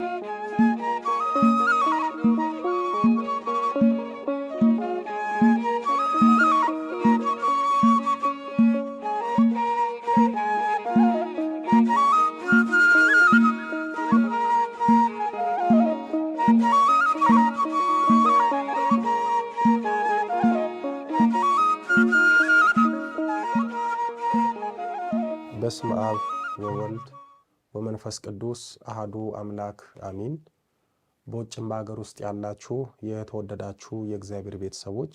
Thank you. መንፈስ ቅዱስ አህዱ አምላክ አሚን። በውጭም በሀገር ውስጥ ያላችሁ የተወደዳችሁ የእግዚአብሔር ቤተሰቦች፣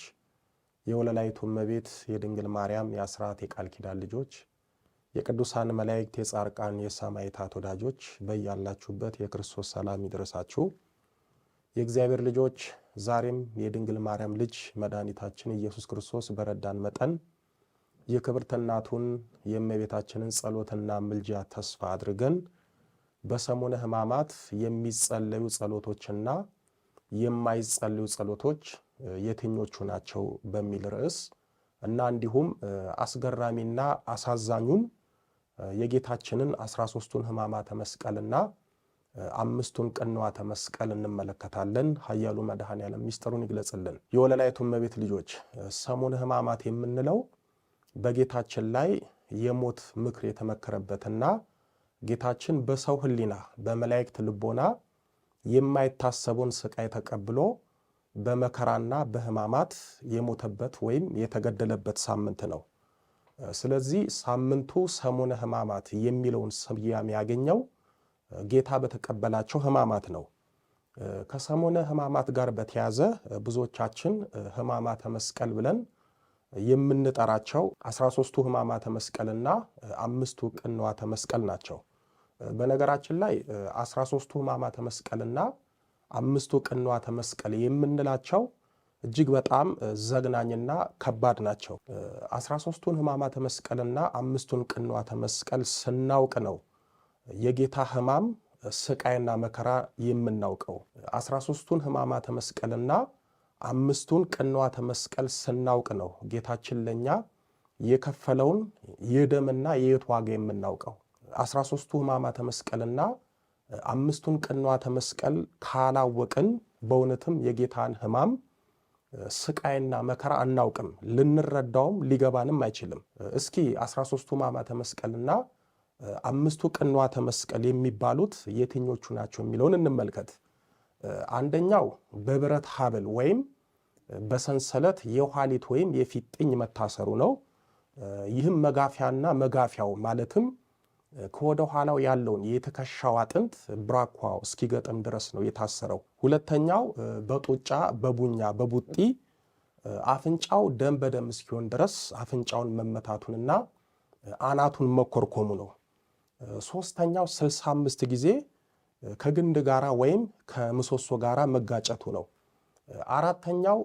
የወለላይቱ እመቤት የድንግል ማርያም የአስራት የቃል ኪዳን ልጆች፣ የቅዱሳን መላእክት የጻርቃን የሰማዕታት ወዳጆች በያላችሁበት የክርስቶስ ሰላም ይድረሳችሁ። የእግዚአብሔር ልጆች ዛሬም የድንግል ማርያም ልጅ መድኃኒታችን ኢየሱስ ክርስቶስ በረዳን መጠን የክብርት እናቱን የእመቤታችንን ጸሎትና ምልጃ ተስፋ አድርገን በሰሙነ ሕማማት የሚጸለዩ ጸሎቶችና የማይጸለዩ ጸሎቶች የትኞቹ ናቸው በሚል ርዕስ እና እንዲሁም አስገራሚና አሳዛኙን የጌታችንን አስራ ሦስቱን ሕማማተ መስቀልና አምስቱን ቅንዋተ መስቀል እንመለከታለን። ኃያሉ መድኃኔዓለም ምስጢሩን ይግለጽልን። የወለላይቱ እመቤት ልጆች ሰሙነ ሕማማት የምንለው በጌታችን ላይ የሞት ምክር የተመከረበትና ጌታችን በሰው ህሊና በመላእክት ልቦና የማይታሰቡን ስቃይ ተቀብሎ በመከራና በህማማት የሞተበት ወይም የተገደለበት ሳምንት ነው። ስለዚህ ሳምንቱ ሰሙነ ህማማት የሚለውን ስያሜ ያገኘው ጌታ በተቀበላቸው ህማማት ነው። ከሰሙነ ህማማት ጋር በተያዘ ብዙዎቻችን ሕማማተ መስቀል ብለን የምንጠራቸው 13ቱ ሕማማተ መስቀልና አምስቱ ቅንዋተ መስቀል ናቸው። በነገራችን ላይ አስራ ሦስቱ ሕማማተ መስቀልና አምስቱ ቅንዋተ መስቀል የምንላቸው እጅግ በጣም ዘግናኝና ከባድ ናቸው። አስራ ሦስቱን ሕማማተ መስቀልና አምስቱን ቅንዋተ መስቀል ስናውቅ ነው የጌታ ሕማም ስቃይና መከራ የምናውቀው። አስራ ሦስቱን ሕማማተ መስቀልና አምስቱን ቅንዋተ መስቀል ስናውቅ ነው ጌታችን ለእኛ የከፈለውን የደምና የሕይወት ዋጋ የምናውቀው። አስራ ሦስቱ ሕማማተ መስቀልና አምስቱን ቅንዋተ መስቀል ካላወቅን በእውነትም የጌታን ህማም ስቃይና መከራ አናውቅም፣ ልንረዳውም ሊገባንም አይችልም። እስኪ አስራ ሦስቱ ህማማተ መስቀልና አምስቱ ቅንዋተ መስቀል የሚባሉት የትኞቹ ናቸው የሚለውን እንመልከት። አንደኛው በብረት ሀብል ወይም በሰንሰለት የኋሊት ወይም የፊጥኝ መታሰሩ ነው። ይህም መጋፊያና መጋፊያው ማለትም ከወደ ኋላው ያለውን የትከሻው አጥንት ብራኳ እስኪገጥም ድረስ ነው የታሰረው። ሁለተኛው በጡጫ በቡኛ በቡጢ አፍንጫው ደም በደም እስኪሆን ድረስ አፍንጫውን መመታቱንና አናቱን መኮርኮሙ ነው። ሶስተኛው 65 ጊዜ ከግንድ ጋራ ወይም ከምሰሶ ጋራ መጋጨቱ ነው። አራተኛው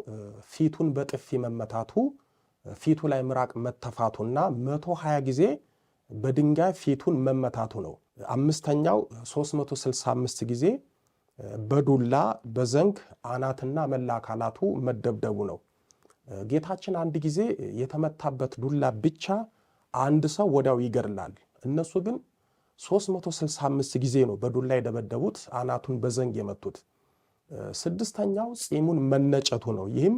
ፊቱን በጥፊ መመታቱ፣ ፊቱ ላይ ምራቅ መተፋቱና መቶ ጊዜ በድንጋይ ፊቱን መመታቱ ነው። አምስተኛው 365 ጊዜ በዱላ በዘንግ አናትና መላ አካላቱ መደብደቡ ነው። ጌታችን አንድ ጊዜ የተመታበት ዱላ ብቻ አንድ ሰው ወዲያው ይገድላል። እነሱ ግን 365 ጊዜ ነው በዱላ የደበደቡት፣ አናቱን በዘንግ የመቱት። ስድስተኛው ጺሙን መነጨቱ ነው። ይህም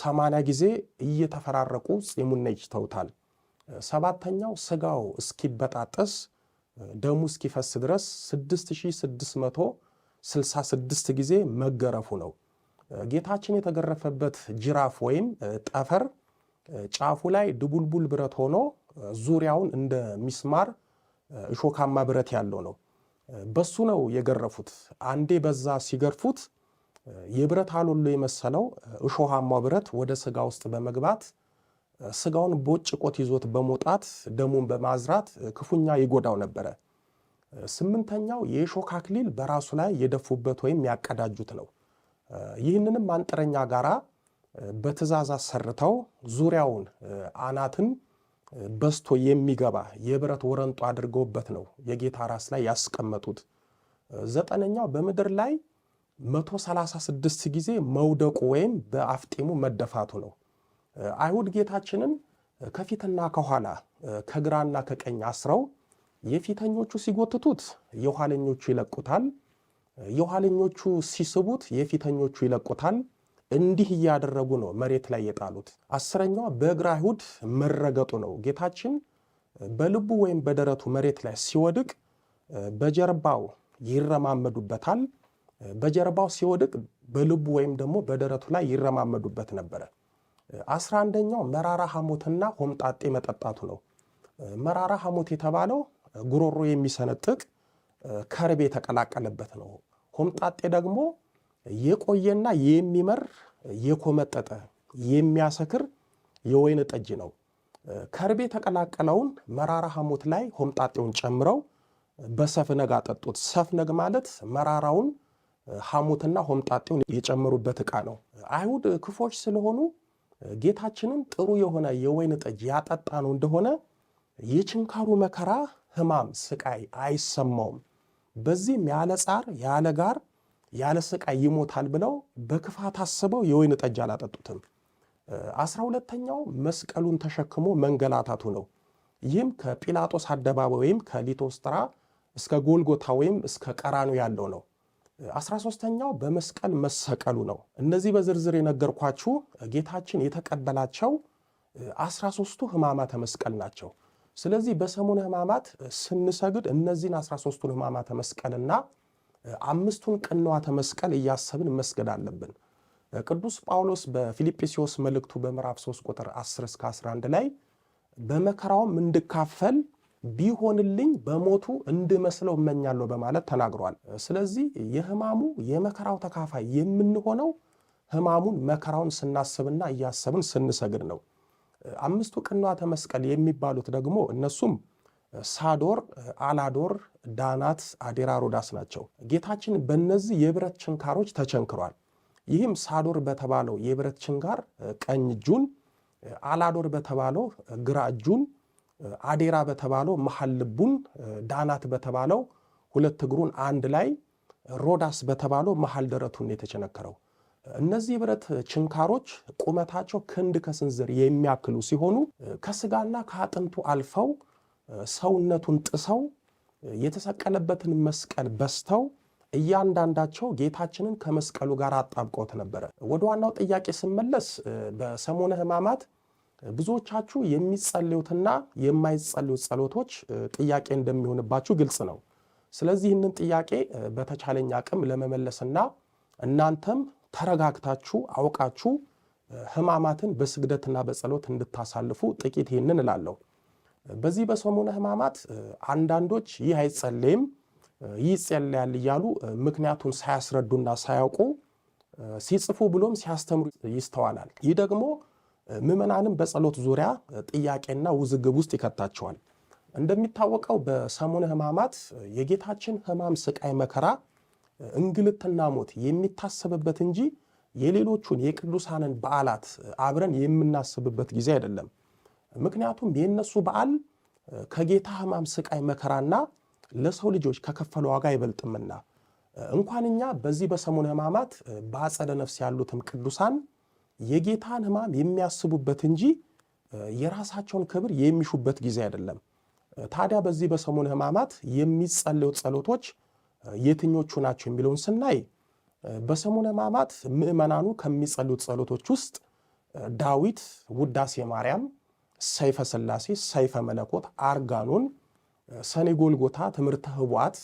ሰማንያ ጊዜ እየተፈራረቁ ጺሙን ነጭተውታል። ሰባተኛው ስጋው እስኪበጣጠስ ደሙ እስኪፈስ ድረስ 6666 ጊዜ መገረፉ ነው። ጌታችን የተገረፈበት ጅራፍ ወይም ጠፈር ጫፉ ላይ ድቡልቡል ብረት ሆኖ ዙሪያውን እንደ ሚስማር እሾካማ ብረት ያለው ነው። በሱ ነው የገረፉት። አንዴ በዛ ሲገርፉት የብረት አሎሎ የመሰለው እሾሃማው ብረት ወደ ስጋ ውስጥ በመግባት ስጋውን ቦጭቆት ይዞት በመውጣት ደሙን በማዝራት ክፉኛ ይጎዳው ነበረ። ስምንተኛው የእሾህ አክሊል በራሱ ላይ የደፉበት ወይም ያቀዳጁት ነው። ይህንንም አንጥረኛ ጋራ በትእዛዝ አሰርተው ዙሪያውን አናትን በስቶ የሚገባ የብረት ወረንጦ አድርገውበት ነው የጌታ ራስ ላይ ያስቀመጡት። ዘጠነኛው በምድር ላይ 136 ጊዜ መውደቁ ወይም በአፍጢሙ መደፋቱ ነው። አይሁድ ጌታችንን ከፊትና ከኋላ ከግራና ከቀኝ አስረው የፊተኞቹ ሲጎትቱት የኋለኞቹ ይለቁታል፣ የኋለኞቹ ሲስቡት የፊተኞቹ ይለቁታል። እንዲህ እያደረጉ ነው መሬት ላይ የጣሉት። አስረኛዋ በእግር አይሁድ መረገጡ ነው። ጌታችን በልቡ ወይም በደረቱ መሬት ላይ ሲወድቅ በጀርባው ይረማመዱበታል። በጀርባው ሲወድቅ በልቡ ወይም ደግሞ በደረቱ ላይ ይረማመዱበት ነበረ። አስራ አንደኛው መራራ ሐሞትና ሆምጣጤ መጠጣቱ ነው። መራራ ሐሞት የተባለው ጉሮሮ የሚሰነጥቅ ከርቤ የተቀላቀለበት ነው። ሆምጣጤ ደግሞ የቆየና የሚመር የኮመጠጠ የሚያሰክር የወይን ጠጅ ነው። ከርቤ የተቀላቀለውን መራራ ሐሞት ላይ ሆምጣጤውን ጨምረው በሰፍነግ አጠጡት። ሰፍነግ ማለት መራራውን ሐሞትና ሆምጣጤውን የጨመሩበት ዕቃ ነው። አይሁድ ክፎች ስለሆኑ ጌታችንም ጥሩ የሆነ የወይን ጠጅ ያጠጣ ነው እንደሆነ የችንካሩ መከራ ህማም ስቃይ አይሰማውም። በዚህም ያለ ጻር ያለ ጋር ያለ ስቃይ ይሞታል ብለው በክፋት አስበው የወይን ጠጅ አላጠጡትም። አስራ ሁለተኛው መስቀሉን ተሸክሞ መንገላታቱ ነው። ይህም ከጲላጦስ አደባባይ ወይም ከሊቶስጥራ እስከ ጎልጎታ ወይም እስከ ቀራኑ ያለው ነው። አስራ ሶስተኛው በመስቀል መሰቀሉ ነው። እነዚህ በዝርዝር የነገርኳችሁ ጌታችን የተቀበላቸው አስራ ሶስቱ ህማማተ መስቀል ናቸው። ስለዚህ በሰሙነ ህማማት ስንሰግድ እነዚህን አስራ ሶስቱን ሕማማተ መስቀልና አምስቱን ቅንዋተ መስቀል እያሰብን መስገድ አለብን። ቅዱስ ጳውሎስ በፊልጵስዎስ መልእክቱ በምዕራፍ 3 ቁጥር 10 እስከ 11 ላይ በመከራውም እንድካፈል ቢሆንልኝ በሞቱ እንድመስለው እመኛለሁ በማለት ተናግሯል። ስለዚህ የህማሙ የመከራው ተካፋይ የምንሆነው ህማሙን መከራውን ስናስብና እያሰብን ስንሰግድ ነው። አምስቱ ቅንዋተ መስቀል የሚባሉት ደግሞ እነሱም ሳዶር፣ አላዶር፣ ዳናት፣ አዴራ፣ ሮዳስ ናቸው። ጌታችን በእነዚህ የብረት ችንካሮች ተቸንክሯል። ይህም ሳዶር በተባለው የብረት ችንካር ቀኝ እጁን፣ አላዶር በተባለው ግራ እጁን አዴራ በተባለው መሐል ልቡን ዳናት በተባለው ሁለት እግሩን አንድ ላይ ሮዳስ በተባለው መሐል ደረቱን የተቸነከረው። እነዚህ የብረት ችንካሮች ቁመታቸው ክንድ ከስንዝር የሚያክሉ ሲሆኑ ከስጋና ከአጥንቱ አልፈው ሰውነቱን ጥሰው የተሰቀለበትን መስቀል በስተው እያንዳንዳቸው ጌታችንን ከመስቀሉ ጋር አጣብቀውት ነበረ። ወደ ዋናው ጥያቄ ስመለስ በሰሞነ ሕማማት ብዙዎቻችሁ የሚጸልዩትና የማይጸልዩት ጸሎቶች ጥያቄ እንደሚሆንባችሁ ግልጽ ነው። ስለዚህ ይህንን ጥያቄ በተቻለኝ አቅም ለመመለስና እናንተም ተረጋግታችሁ አውቃችሁ ሕማማትን በስግደትና በጸሎት እንድታሳልፉ ጥቂት ይህንን እላለሁ። በዚህ በሰሙነ ሕማማት አንዳንዶች ይህ አይጸልይም ይህ ይጸለያል እያሉ ምክንያቱን ሳያስረዱና ሳያውቁ ሲጽፉ ብሎም ሲያስተምሩ ይስተዋላል። ይህ ደግሞ ምዕመናንም በጸሎት ዙሪያ ጥያቄና ውዝግብ ውስጥ ይከታቸዋል። እንደሚታወቀው በሰሙነ ሕማማት የጌታችን ሕማም፣ ስቃይ፣ መከራ፣ እንግልትና ሞት የሚታሰብበት እንጂ የሌሎቹን የቅዱሳንን በዓላት አብረን የምናስብበት ጊዜ አይደለም። ምክንያቱም የእነሱ በዓል ከጌታ ሕማም፣ ስቃይ፣ መከራና ለሰው ልጆች ከከፈለ ዋጋ አይበልጥምና እንኳን እኛ በዚህ በሰሙነ ሕማማት በአጸደ ነፍስ ያሉትም ቅዱሳን የጌታን ሕማም የሚያስቡበት እንጂ የራሳቸውን ክብር የሚሹበት ጊዜ አይደለም። ታዲያ በዚህ በሰሙነ ሕማማት የሚጸለዩ ጸሎቶች የትኞቹ ናቸው የሚለውን ስናይ በሰሙነ ሕማማት ምዕመናኑ ከሚጸሉት ጸሎቶች ውስጥ ዳዊት ውዳሴ ማርያም፣ ሰይፈ ሥላሴ፣ ሰይፈ መለኮት፣ አርጋኖን፣ ሰኔ ጎልጎታ፣ ትምህርተ ኅቡዓት፣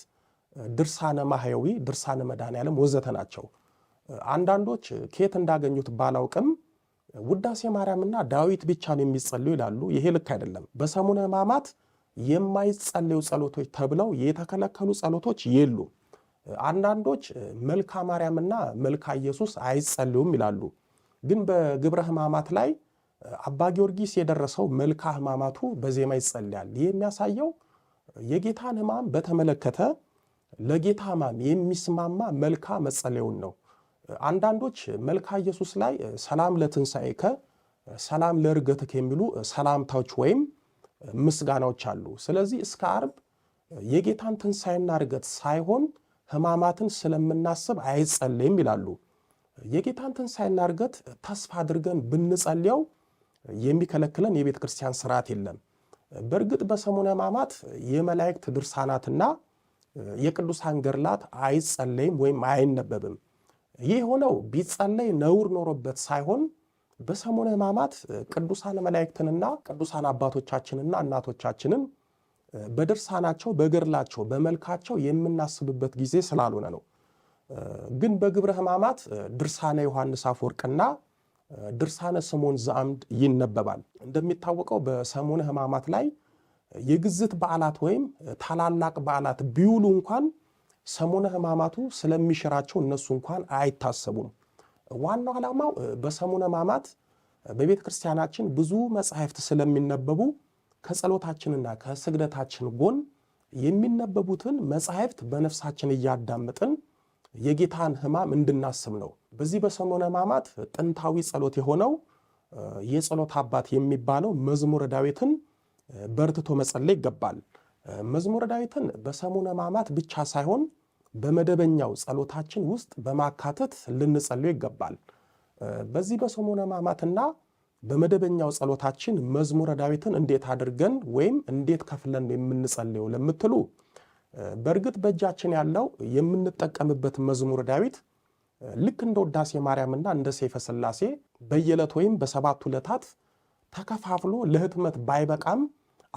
ድርሳነ ማህያዊ ድርሳነ መድኃኔዓለም ወዘተ ናቸው። አንዳንዶች ከየት እንዳገኙት ባላውቅም ውዳሴ ማርያምና ዳዊት ብቻ ነው የሚጸልዩ ይላሉ። ይሄ ልክ አይደለም። በሰሙነ ሕማማት የማይጸልዩ ጸሎቶች ተብለው የተከለከሉ ጸሎቶች የሉ። አንዳንዶች መልካ ማርያምና መልካ ኢየሱስ አይጸልዩም ይላሉ። ግን በግብረ ሕማማት ላይ አባ ጊዮርጊስ የደረሰው መልካ ሕማማቱ በዜማ ይጸልያል። ይህ የሚያሳየው የጌታን ሕማም በተመለከተ ለጌታ ሕማም የሚስማማ መልካ መጸለዩን ነው። አንዳንዶች መልካ ኢየሱስ ላይ ሰላም ለትንሣኤከ ሰላም ለዕርገትክ የሚሉ ሰላምታዎች ወይም ምስጋናዎች አሉ። ስለዚህ እስከ አርብ የጌታን ትንሣኤና እርገት ሳይሆን ሕማማትን ስለምናስብ አይጸልይም ይላሉ። የጌታን ትንሣኤና እርገት ተስፋ አድርገን ብንጸልየው የሚከለክለን የቤተ ክርስቲያን ስርዓት የለም። በእርግጥ በሰሙነ ሕማማት የመላእክት ድርሳናትና የቅዱሳን ገድላት አይጸለይም ወይም አይነበብም። ይህ የሆነው ቢጸለይ ነውር ኖሮበት ሳይሆን በሰሙነ ሕማማት ቅዱሳን መላእክትንና ቅዱሳን አባቶቻችንና እናቶቻችንን በድርሳናቸው በገድላቸው በመልካቸው የምናስብበት ጊዜ ስላልሆነ ነው። ግን በግብረ ሕማማት ድርሳነ ዮሐንስ አፈወርቅና ድርሳነ ስምዖን ዘአምድ ይነበባል። እንደሚታወቀው በሰሙነ ሕማማት ላይ የግዝት በዓላት ወይም ታላላቅ በዓላት ቢውሉ እንኳን ሰሙነ ሕማማቱ ስለሚሽራቸው እነሱ እንኳን አይታሰቡም። ዋናው ዓላማው በሰሙነ ሕማማት በቤተ ክርስቲያናችን ብዙ መጻሕፍት ስለሚነበቡ ከጸሎታችንና ከስግደታችን ጎን የሚነበቡትን መጻሕፍት በነፍሳችን እያዳመጥን የጌታን ሕማም እንድናስብ ነው። በዚህ በሰሙነ ሕማማት ጥንታዊ ጸሎት የሆነው የጸሎት አባት የሚባለው መዝሙረ ዳዊትን በርትቶ መጸለይ ይገባል። መዝሙረ ዳዊትን በሰሙነ ሕማማት ብቻ ሳይሆን በመደበኛው ጸሎታችን ውስጥ በማካተት ልንጸልዩ ይገባል። በዚህ በሰሙነ ሕማማትና በመደበኛው ጸሎታችን መዝሙረ ዳዊትን እንዴት አድርገን ወይም እንዴት ከፍለን የምንጸልየው ለምትሉ በእርግጥ በእጃችን ያለው የምንጠቀምበት መዝሙረ ዳዊት ልክ እንደ ውዳሴ ማርያምና እንደ ሰይፈ ስላሴ በየዕለት ወይም በሰባት ዕለታት ተከፋፍሎ ለህትመት ባይበቃም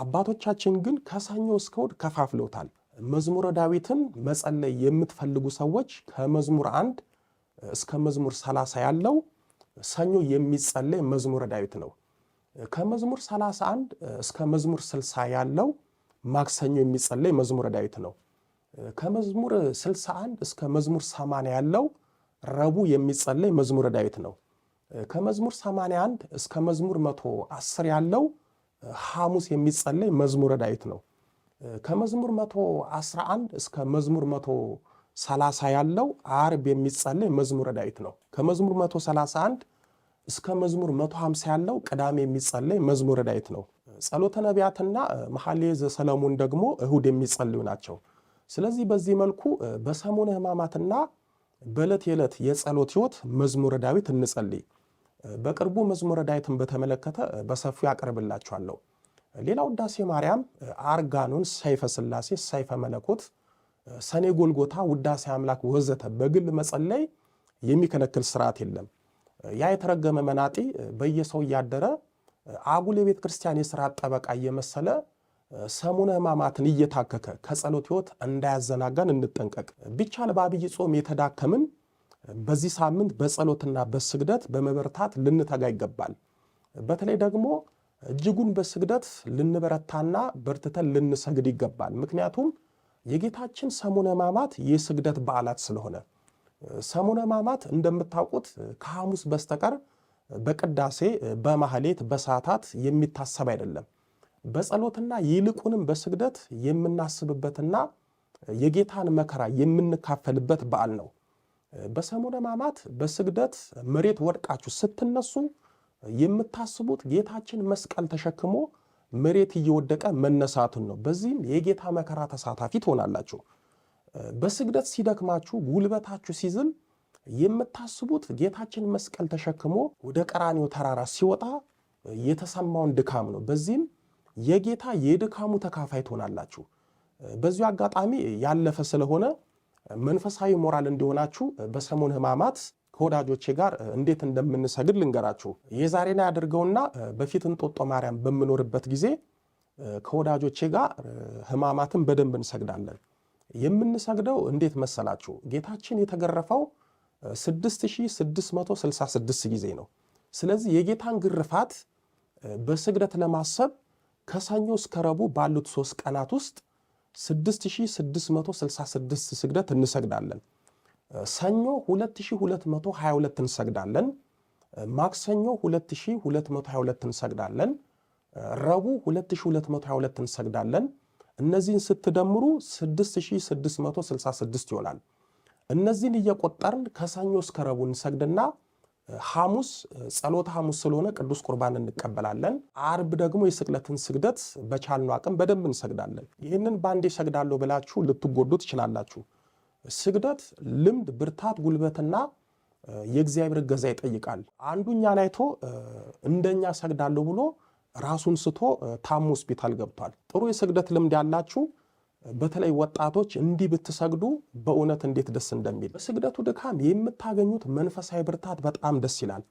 አባቶቻችን ግን ከሰኞ እስከ እሑድ ከፋፍለውታል። መዝሙረ ዳዊትን መጸለይ የምትፈልጉ ሰዎች ከመዝሙር አንድ እስከ መዝሙር ሰላሳ ያለው ሰኞ የሚጸለይ መዝሙረ ዳዊት ነው። ከመዝሙር 31 እስከ መዝሙር 60 ያለው ማክሰኞ የሚጸለይ መዝሙረ ዳዊት ነው። ከመዝሙር 61 እስከ መዝሙር 80 ያለው ረቡ የሚጸለይ መዝሙረ ዳዊት ነው። ከመዝሙር 81 እስከ መዝሙር 110 ያለው ሐሙስ የሚጸለይ መዝሙረ ዳዊት ነው። ከመዝሙር 111 እስከ መዝሙር 130 ያለው አርብ የሚጸለይ መዝሙረ ዳዊት ነው። ከመዝሙር 131 እስከ መዝሙር 150 ያለው ቅዳሜ የሚጸለይ መዝሙረ ዳዊት ነው። ጸሎተ ነቢያትና መኃልየ ዘሰሎሞን ደግሞ እሁድ የሚጸልዩ ናቸው። ስለዚህ በዚህ መልኩ በሰሙነ ሕማማትና በዕለት የዕለት የጸሎት ሕይወት መዝሙረ ዳዊት እንጸልይ። በቅርቡ መዝሙረ ዳዊትን በተመለከተ በሰፊው አቀርብላችኋለሁ። ሌላው ውዳሴ ማርያም አርጋኖን፣ ሰይፈ ስላሴ፣ ሰይፈ መለኮት፣ ሰኔ ጎልጎታ፣ ውዳሴ አምላክ ወዘተ በግል መጸለይ የሚከለክል ስርዓት የለም። ያ የተረገመ መናጢ በየሰው እያደረ አጉል የቤተ ክርስቲያን የስርዓት ጠበቃ እየመሰለ ሰሙነ ሕማማትን እየታከከ ከጸሎት ሕይወት እንዳያዘናጋን እንጠንቀቅ። ቢቻል በአብይ ጾም የተዳከምን በዚህ ሳምንት በጸሎትና በስግደት በመበርታት ልንተጋ ይገባል። በተለይ ደግሞ እጅጉን በስግደት ልንበረታና በርትተን ልንሰግድ ይገባል። ምክንያቱም የጌታችን ሰሙነ ሕማማት የስግደት በዓላት ስለሆነ ሰሙነ ሕማማት እንደምታውቁት ከሐሙስ በስተቀር በቅዳሴ በማህሌት በሰዓታት የሚታሰብ አይደለም። በጸሎትና ይልቁንም በስግደት የምናስብበትና የጌታን መከራ የምንካፈልበት በዓል ነው። በሰሙነ ሕማማት በስግደት መሬት ወድቃችሁ ስትነሱ የምታስቡት ጌታችን መስቀል ተሸክሞ መሬት እየወደቀ መነሳቱን ነው። በዚህም የጌታ መከራ ተሳታፊ ትሆናላችሁ። በስግደት ሲደክማችሁ፣ ጉልበታችሁ ሲዝል የምታስቡት ጌታችን መስቀል ተሸክሞ ወደ ቀራንዮ ተራራ ሲወጣ የተሰማውን ድካም ነው። በዚህም የጌታ የድካሙ ተካፋይ ትሆናላችሁ። በዚሁ አጋጣሚ ያለፈ ስለሆነ መንፈሳዊ ሞራል እንዲሆናችሁ በሰሞን ህማማት ከወዳጆቼ ጋር እንዴት እንደምንሰግድ ልንገራችሁ። የዛሬን ያድርገውና በፊት እንጦጦ ማርያም በምኖርበት ጊዜ ከወዳጆቼ ጋር ህማማትን በደንብ እንሰግዳለን። የምንሰግደው እንዴት መሰላችሁ? ጌታችን የተገረፈው 6666 ጊዜ ነው። ስለዚህ የጌታን ግርፋት በስግደት ለማሰብ ከሰኞ እስከ ረቡዕ ባሉት ሶስት ቀናት ውስጥ 6666 ስግደት እንሰግዳለን። ሰኞ 2222 እንሰግዳለን። ማክሰኞ 2222 እንሰግዳለን። ረቡ 2222 እንሰግዳለን። እነዚህን ስትደምሩ 6666 ይሆናል። እነዚህን እየቆጠርን ከሰኞ እስከ ረቡ እንሰግድና ሐሙስ ጸሎተ ሐሙስ ስለሆነ ቅዱስ ቁርባን እንቀበላለን። አርብ ደግሞ የስቅለትን ስግደት በቻልነው አቅም በደንብ እንሰግዳለን። ይህንን ባንዴ ሰግዳለሁ ብላችሁ ልትጎዱ ትችላላችሁ። ስግደት ልምድ፣ ብርታት፣ ጉልበትና የእግዚአብሔር እገዛ ይጠይቃል። አንዱ እኛን አይቶ እንደኛ ሰግዳለሁ ብሎ ራሱን ስቶ ታሞ ሆስፒታል ገብቷል። ጥሩ የስግደት ልምድ ያላችሁ በተለይ ወጣቶች እንዲህ ብትሰግዱ በእውነት እንዴት ደስ እንደሚል በስግደቱ ድካም የምታገኙት መንፈሳዊ ብርታት በጣም ደስ ይላል።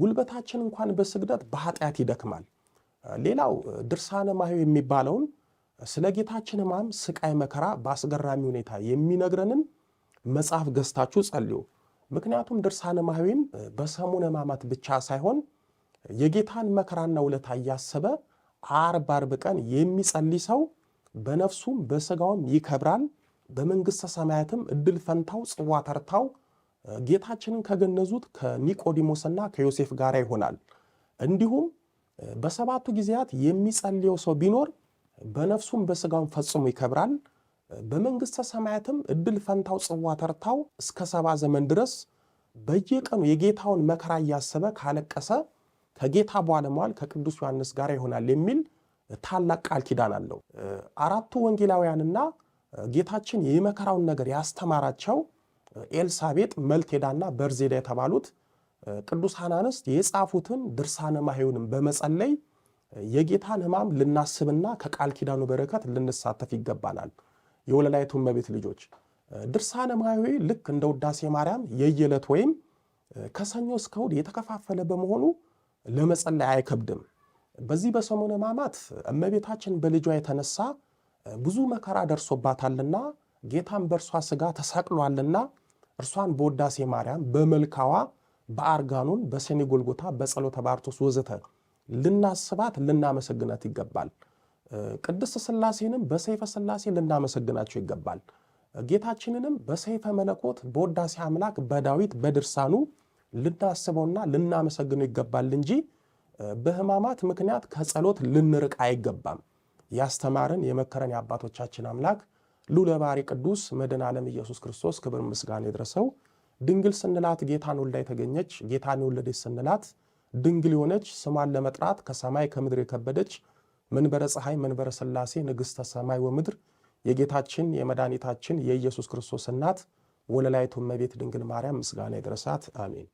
ጉልበታችን እንኳን በስግደት በኃጢአት ይደክማል። ሌላው ድርሳነ ማኅየው የሚባለውን ስለ ጌታችን ሕማም፣ ስቃይ፣ መከራ በአስገራሚ ሁኔታ የሚነግረንን መጽሐፍ ገዝታችሁ ጸልዩ። ምክንያቱም ድርሳነ ማኅየውን በሰሙነ ሕማማት ብቻ ሳይሆን የጌታን መከራና ውለታ እያሰበ አርብ አርብ ቀን የሚጸልይ ሰው በነፍሱም በሥጋውም ይከብራል፣ በመንግሥተ ሰማያትም እድል ፈንታው ጽዋ ተርታው ጌታችንን ከገነዙት ከኒቆዲሞስና ከዮሴፍ ጋር ይሆናል። እንዲሁም በሰባቱ ጊዜያት የሚጸልየው ሰው ቢኖር በነፍሱም በሥጋውም ፈጽሞ ይከብራል፣ በመንግሥተ ሰማያትም እድል ፈንታው ጽዋ ተርታው እስከ ሰባ ዘመን ድረስ በየቀኑ የጌታውን መከራ እያሰበ ካለቀሰ ከጌታ በኋላ መዋል ከቅዱስ ዮሐንስ ጋር ይሆናል የሚል ታላቅ ቃል ኪዳን አለው። አራቱ ወንጌላውያንና ጌታችን የመከራውን ነገር ያስተማራቸው ኤልሳቤጥ፣ መልቴዳና በርዜዳ የተባሉት ቅዱሳን አንስት የጻፉትን ድርሳነ ማኅየውንም በመጸለይ የጌታን ሕማም ልናስብና ከቃል ኪዳኑ በረከት ልንሳተፍ ይገባናል። የወለላይቱ እመቤት ልጆች ድርሳነ ማኅየዊ ልክ እንደ ውዳሴ ማርያም የየዕለት ወይም ከሰኞ እስከ እሑድ የተከፋፈለ በመሆኑ ለመጸለይ አይከብድም። በዚህ በሰሙነ ሕማማት እመቤታችን በልጇ የተነሳ ብዙ መከራ ደርሶባታልና ጌታም በእርሷ ሥጋ ተሰቅሏልና እርሷን በወዳሴ ማርያም በመልካዋ በአርጋኑን በሰኔ ጎልጎታ በጸሎተ ባርቶስ ወዘተ ልናስባት ልናመሰግናት ይገባል። ቅድስት ሥላሴንም በሰይፈ ሥላሴ ልናመሰግናቸው ይገባል። ጌታችንንም በሰይፈ መለኮት በወዳሴ አምላክ በዳዊት በድርሳኑ ልናስበውና ልናመሰግነው ይገባል እንጂ በህማማት ምክንያት ከጸሎት ልንርቅ አይገባም። ያስተማረን የመከረን የአባቶቻችን አምላክ ልዑለ ባሕርይ ቅዱስ መድኃኔ ዓለም ኢየሱስ ክርስቶስ ክብር ምስጋና ይድረሰው። ድንግል ስንላት ጌታን ወልዳ የተገኘች ጌታን የወለደች ስንላት ድንግል የሆነች ስሟን ለመጥራት ከሰማይ ከምድር የከበደች መንበረ ፀሐይ መንበረ ሥላሴ ንግሥተ ሰማይ ወምድር የጌታችን የመድኃኒታችን የኢየሱስ ክርስቶስ እናት ወለላይቱ እመቤት ድንግል ማርያም ምስጋና ይድረሳት። አሜን።